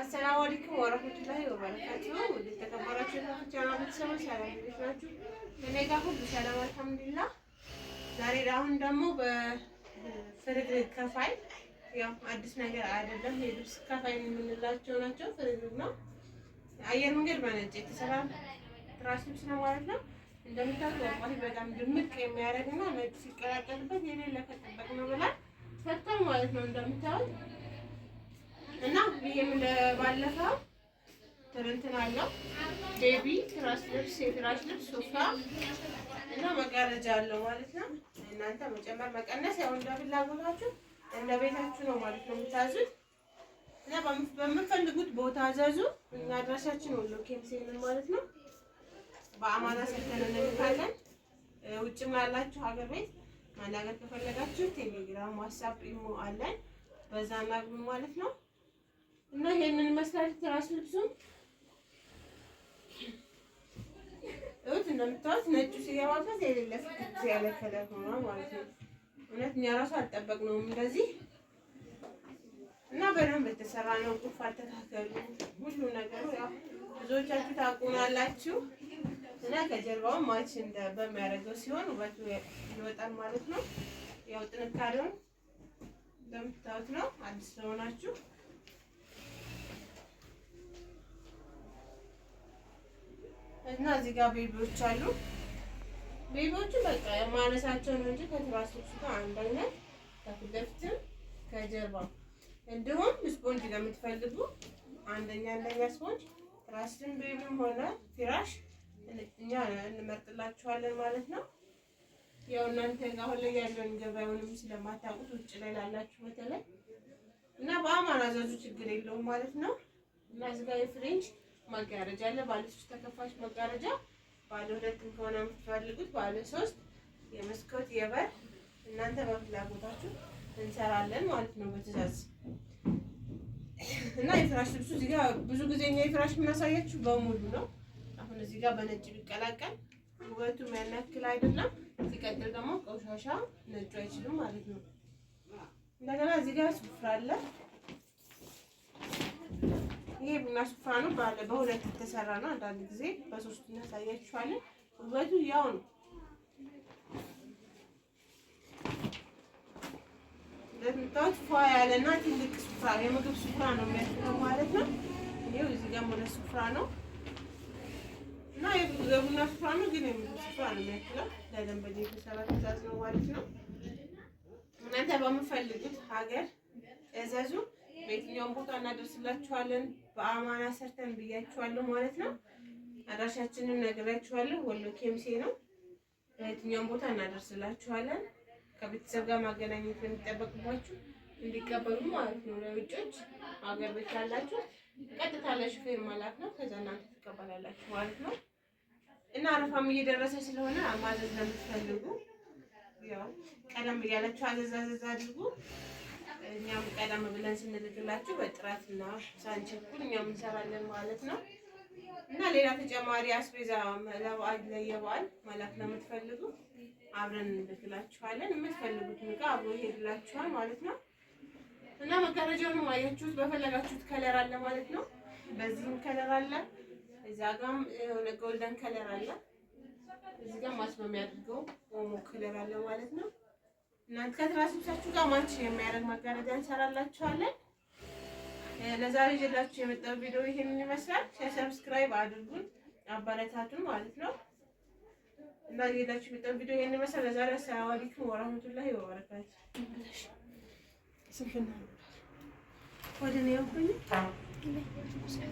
አሰላሙ አለይኩም ወረህመቱላሂ ወበረካቱህ። ውድ ተከበራችሁ ቤተሰቦች ሰላም ናችሁ? እኔ ጋር ሁሉ ሰላም አልሐምዱሊላህ። ዛሬ አሁን ደግሞ በፍርግርግ ከፋይ ያው አዲስ ነገር አይደለም። የልብስ ከፋይ የምንላቸው ናቸው። ፍርግርግ ነው። አየር መንገድ በነጭ የተሰራ ትራስ ልብስ ነው ማለት ነው። እንደምታውቁት በጣም ድምቅ የሚያደርግና ነጭ ሲቀላቀልበት የሌለ ከጠበቅ ነው ብላል ሰጥቷል ማለት ነው እንደምታዩት እና ይሄም እንደባለፈው ትርንትን አለው ቤቢ ትራስ ልብስ፣ የትራስ ልብስ ሶፋ እና መጋረጃ አለው ማለት ነው። እናንተ መጨመር መቀነስ ያው እንደ ፍላጎታችሁ እንደ ቤታችሁ ነው ማለት ነው የምታዙት እና በምፈልጉት ቦታ አዘዙ። እኛ አድራሻችን ወሎ ኬሚሴንን ማለት ነው በአማራ ሰልተን እንልካለን። ውጭም ላላችሁ ሀገር ቤት ማናገር ከፈለጋችሁ ቴሌግራም፣ ዋትሳፕ፣ ኢሞ አለን። በዛ እናግሩ ማለት ነው። እና ይሄንን መስራት ትራስ ልብሱም እውት እንደምታውስ ነጩ ሲያዋጣት የሌለ ፍክት ያለ ከለር ሆኗ ማለት ነው። እውነት እኛ ራሱ አልጠበቅነውም እንደዚህ እና በደንብ የተሰራ ነው። ቁልፍ አልተካከሉ ሁሉ ነገሩ ያው ብዙዎቻችሁ ታውቁናላችሁ። እና ከጀርባው ማች እንደ በሚያደርገው ሲሆን ውበቱ ይወጣል ማለት ነው። ያው ጥንካሬውን እንደምታዩት ነው። አዲስ ለሆናችሁ እና እዚህ ጋር ቤቢዎች አሉ። ቤቢዎቹ በቃ የማነሳቸው ነው እንጂ ከትራሶቹ ጋር አንድ አይነት ከፊት ለፊትም ከጀርባ እንዲሁም ስፖንጅ ለምትፈልጉ አንደኛ አንደኛ ስፖንጅ ትራስን ቤቢም ሆነ ፊራሽ እኛ እንመርጥላችኋለን ማለት ነው። ያው እናንተ አሁን ላይ ያለውን ገበያውንም ስለማታውቁት ውጭ ላይ ላላችሁ በተለይ እና በአማራ ዘዙ ችግር የለውም ማለት ነው እና እዚህ ጋር የፍሬንች መጋረጃ አለ። ባለ ሶስት ተከፋች መጋረጃ፣ ባለ ሁለት ከሆነ የምትፈልጉት ባለ ሶስት የመስኮት የበር እናንተ በፍላጎታችሁ እንሰራለን ማለት ነው በትዕዛዝ እና የፍራሽ ልብሱ እዚህ ጋር ብዙ ጊዜ እኛ የፍራሽ የምናሳያችሁ በሙሉ ነው። አሁን እዚህ ጋር በነጭ ቢቀላቀል ውበቱ ያናክል አይደለም። ሲቀጥል ደግሞ ቆሻሻ ነጩ አይችልም ማለት ነው። እንደገና እዚህ ጋር ሱፍራ አለ። ይሄ ቡና ስፍራ ነው። ባለ በሁለት የተሰራ ነው። አንዳንድ ጊዜ በሶስት እናሳያችኋለን። ውበቱ ያው ነው። እንደምታዩት ፏ ያለና ትልቅ ስፍራ የምግብ ስፍራ ነው የሚያስለው ማለት ነው። ይሄው እዚህ ጋር ወደ ስፍራ ነው እና የቡና ስፍራ ነው፣ ግን የምግብ ስፍራ ነው የሚያስለው። ለደንበኛ የተሰራ ትእዛዝ ነው ማለት ነው። እናንተ በምፈልጉት ሀገር እዘዙ። በየትኛውም ቦታ እናደርስላችኋለን። በአማና ሰርተን ብያችኋለሁ ማለት ነው። አድራሻችንን ነግራችኋለሁ። ወሎ ኬምሴ ነው። በየትኛውም ቦታ እናደርስላችኋለን። ከቤተሰብ ጋር ማገናኘት የሚጠበቅባችሁ እንዲቀበሉ ማለት ነው። ለውጮች ሀገር ቤት ያላችሁ ቀጥታ ለሹፌር መላክ ነው። ከዛ እናንተ ትቀበላላችሁ ማለት ነው። እና አረፋም እየደረሰ ስለሆነ ማዘዝ ለምትፈልጉ ያው ቀደም ብያላችሁ አዘዝ አዘዝ አድርጉ። እኛም ቀደም ብለን ስንልክላችሁ በጥራትና ሳንቸኩል እኛም እንሰራለን ማለት ነው። እና ሌላ ተጨማሪ አስቤዛ ለበዓል ለየበዓል መላክ ለምትፈልጉ አብረን እንልክላችኋለን። የምትፈልጉትን ዕቃ አብሮ ይሄድላችኋል ማለት ነው። እና መጋረጃውንም አያችሁት፣ በፈለጋችሁት ከለር አለ ማለት ነው። በዚህም ከለር አለ፣ እዛ ጋም የሆነ ጎልደን ከለር አለ፣ እዚህ ጋም ማስመሚያ አድርገው ኦሞ ከለር አለ ማለት ነው። እናንተ ከትራስ ልብሳችሁ ጋር ማች የሚያደርግ መጋረጃ እንሰራላችኋለን። ለዛሬ ይዤላችሁ የመጣው ቪዲዮ ይሄንን ይመስላል። ሰብስክራይብ አድርጉን፣ አበረታቱን ማለት ነው እና ይዤላችሁ የመጣው ቪዲዮ ይሄንን ይመስላል። ለዛሬ አሰላሙ አለይኩም ወራህመቱላሂ ወበረካቱ። ስንፍና ወደ እኔ ያውቁኝ